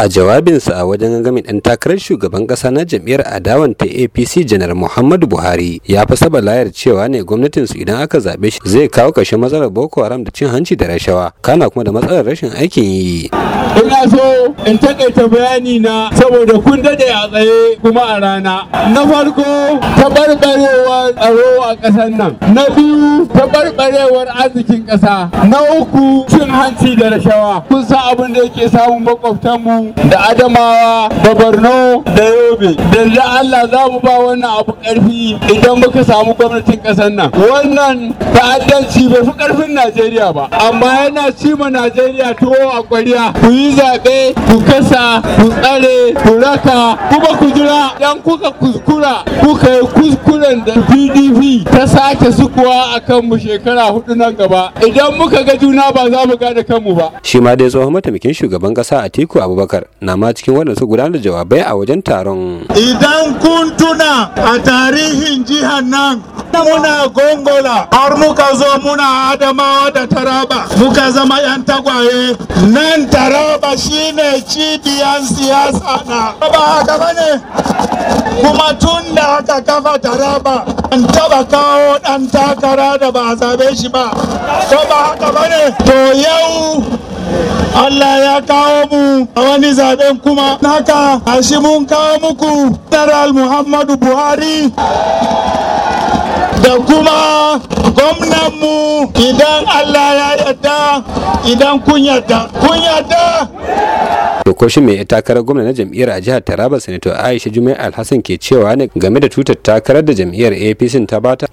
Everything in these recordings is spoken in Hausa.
a jawabinsa a wajen gangamin ɗan takarar shugaban ƙasa na jam'iyyar adawan ta apc janar muhammadu buhari ya fi saba layar cewa ne gwamnatinsu idan aka zaɓe shi zai kawo kashe matsalar boko haram da cin hanci da rashawa kana kuma da matsalar rashin aikin yi ina so in takaita bayani na saboda kun dade a tsaye kuma a rana na farko taɓarɓarewar tsaro a ƙasar nan na biyu taɓarɓarewar arzikin ƙasa na uku cin hanci da rashawa kun san abin da yake samun makwabtanmu da Adamawa da Borno da Yobe. Da Allah za mu ba wannan abu karfi idan muka samu gwamnatin ƙasar nan. Wannan ta'addanci bai fi karfin Najeriya ba amma yana ci ma Najeriya tuwo a kwariya Ku yi zaɓe, ku kasa, ku tsare, ku raka, kuma ku jira. Idan kuka kuskura, kuka yi kuskuren da PDP ta sake sukuwa a kanmu shekara hudu nan gaba. Idan muka ga juna ba za mu gane kanmu ba. Shi ma dai tsohon mataimakin shugaban ƙasa Atiku Abubakar Abubakar na ma cikin waɗanda gudanar jawabai a wajen taron. Idan kun tuna a tarihin jihar nan muna gongola har muka zo muna adamawa da taraba muka zama yan tagwaye nan taraba shine cibiyan siyasa na ba haka bane kuma tun da aka kafa taraba an taba kawo dan takara da ba a zabe shi ba ba haka bane to yau Allah ya kawo mu a wani zaben kuma haka ashi mun kawo muku General Muhammadu Buhari da kuma gwamnanmu idan Allah ya yarda idan kun yarda kun yarda mai takarar gwamna na jam'iyyar a jihar Taraba Sanato Aisha Jumai Alhassan ke cewa ne game da tutar takarar da jam'iyyar APC ta bata.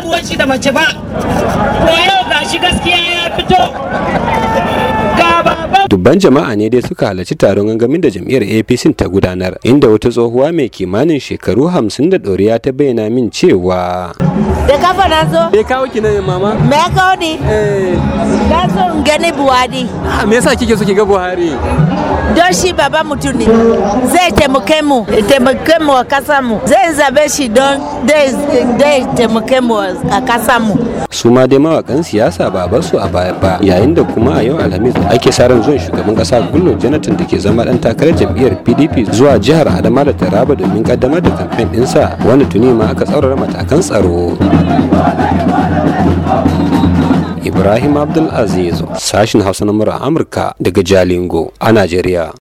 ba ruwan shi da mace ba to yau gashi gaskiya ya fito dubban jama'a ne dai suka halarci taron gangamin da jam'iyyar apc ta gudanar inda wata tsohuwa mai kimanin shekaru hamsin da ɗoriya ta bayyana min cewa da kafa na zo me kawo ki nan mama me ya kawo ni eh na zo in gani buhari ah, me yasa kike so ki ga buhari don baba mutum ne zai taimake mu ze shi don dai taimake mu a kasa mu su ma dai mawakan siyasa ba su a baya ba yayin da kuma a yau alhamis ake sa ran zuwan shugaban kasa gullo jonathan da ke zama dan takarar jam'iyyar pdp zuwa jihar adama da taraba domin kaddamar da kamfen dinsa wanda tuni ma aka tsaurara matakan tsaro Ibrahim Abdulaziz, sashin Hausa na Amurka daga Jalingo a Najeriya.